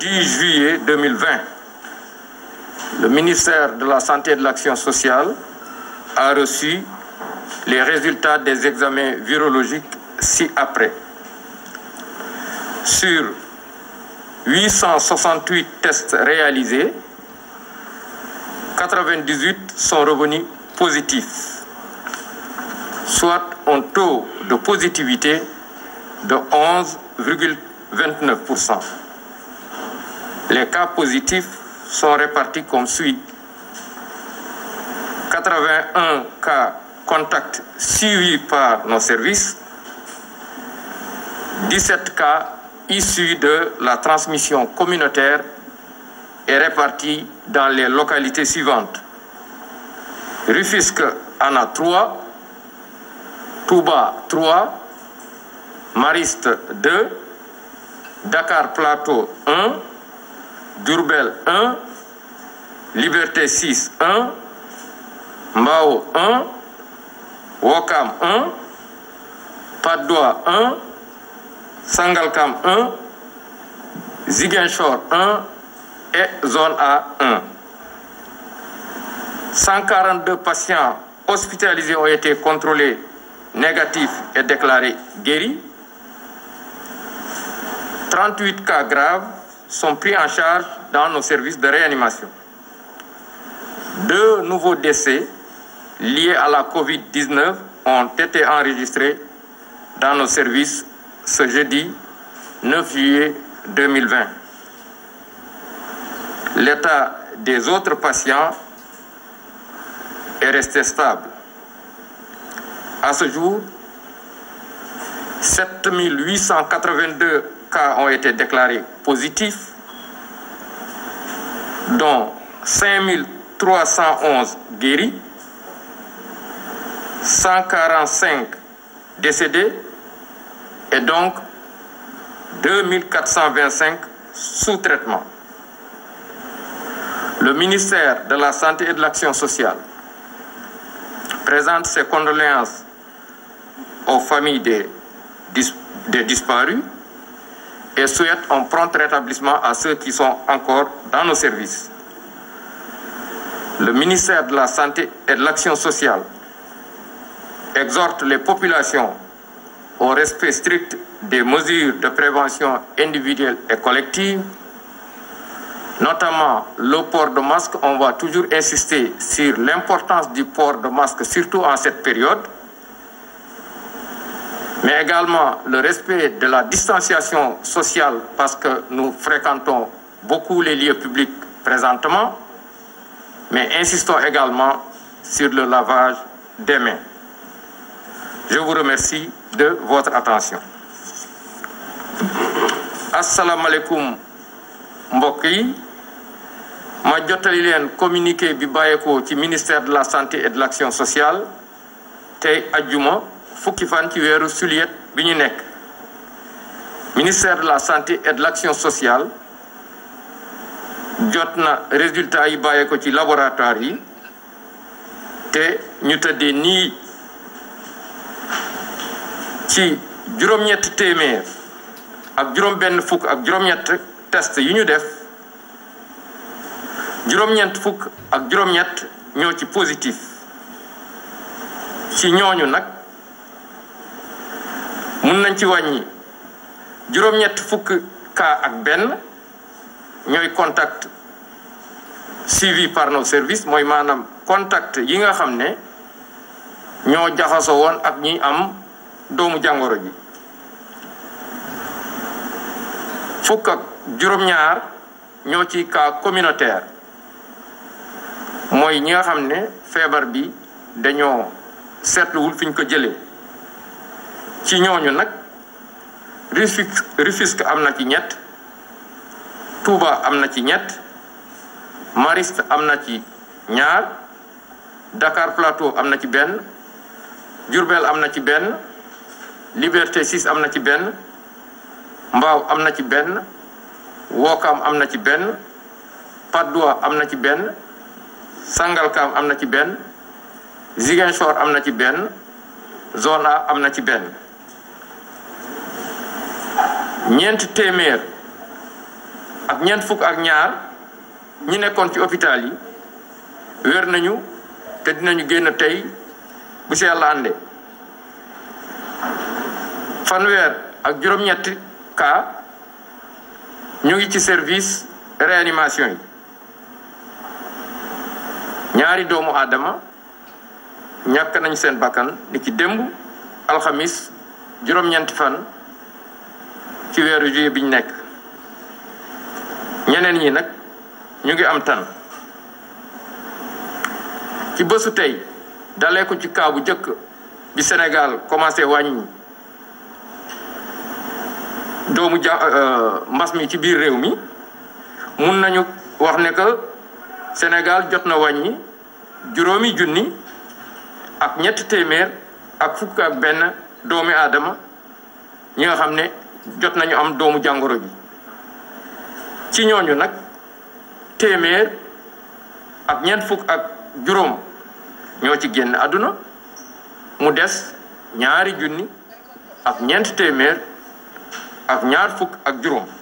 10 juillet 2020, le ministère de la Santé et de l'Action sociale a reçu les résultats des examens virologiques ci-après. Sur 868 tests réalisés, 98 sont revenus positifs, soit un taux de positivité de 11,29%. Les cas positifs sont répartis comme suit. 81 cas contact suivis par nos services, 17 cas issus de la transmission communautaire et répartis dans les localités suivantes. Rufisque en a 3, Touba 3, Mariste 2, Dakar Plateau Diourbel 1 Liberté 6 1 Mbao 1 Wokam 1 Patte d'Oie 1 Sangalkam Ziguinchor et zone A patients hospitalisés ont été contrôlés négatifs et déclarés guéris. 38 graves sont pris en charge dans nos services de réanimation. Deux nouveaux décès liés à la COVID-19 ont été enregistrés dans nos services ce jeudi 9 juillet 2020. L'état des autres patients est resté stable. À ce jour, 7882 cas ont été déclarés positifs, dont 5311 guéris, 145 décédés et donc 2425 sous traitement. Le ministère de la Santé et de sociale présente ses condoléances aux familles des, des disparus et souhaite un prompt rétablissement à ceux qui sont encore dans nos services. Le ministère de la Santé et de l'Action sociale exhorte les populations au respect strict des mesures de prévention individuelle et collective, notamment le port de masque. On va toujours insister sur l'importance du port de masque, surtout en cette période. mais également le respect de la distanciation sociale parce que nous fréquentons beaucoup les lieux publics présentement, mais insistons également sur le lavage des mains. Je vous remercie de votre attention. Assalamu alaikum mbokk yi ma jottali leen communiqué bi bàyyeekoo ci ministère de la santé et de l'action sociale tey ajjuma fukki fan ci weeru juillet bi ñu nekk ministère de la santé et de l'action sociale jot na résultat yi bàyyee ko ci laboratoire yi te ñu tëddee nii ci juróom-ñett téeméer ak juróom ak juróom-ñett test yi ñu def juróom-ñett fukk ak juróom-ñett ñoo ci positif ci ñooñu nag mën nañ ci wàññi juróom-ñett fukk cas ak benn ñooy contact suivi par nos mooy maanaam contact yi nga xam ne ñoo jaxasoo woon ak ñi am doomu jàngoro ji fukk ak juróom-ñaar ñoo ci kaa communautaire mooy ñi nga xam ne feebar bi dañoo seetluwul fiñ ko jëlee ci ñooñu nag Rufisque am na ci ñett Touba am na ci ñett Mariste am na ci ñaar Dakar Plateau am na ci benn Diourbel am na ci benn Liberté siis am na ci benn Mbao am na ci benn Wokam am na ci benn Patte am na ci benn Sangalkam am na ci benn Ziguinchor am na ci benn Zona am na ci benn ñeent téeméer ak ñeent fukk ak ñaar ñi nekkoon ci hôpital yi wér nañu te dinañu génn tey bu si yàlla ànde fanweer ak juróom-ñetti cas ñu ngi ci service réanimation yi ñaari doomu aadama ñàkk nañ seen bakkan di ci démb alxamis juróom-ñeenti fan ci weeru juillet bi nekk ñeneen yi nag ñu ngi am tan ci bésu tey dalee ko ci kaa bu njëkk bi senegal commencé wàññi doomu ja euh, mbas mi ci biir réew mi mun nañu wax ne que Sénégal jot na wàññi juróomi junni ak ñetti téeméer ak fukk ak benn doomi aadama ñi nga xam ne jot nañu am doomu jàngoro ji ci ñooñu nag téeméer ak ñeent fukk ak juróom ñoo ci génn àdduna mu des ñaari junni ak ñeent téeméer ak ñaar fukk ak juróom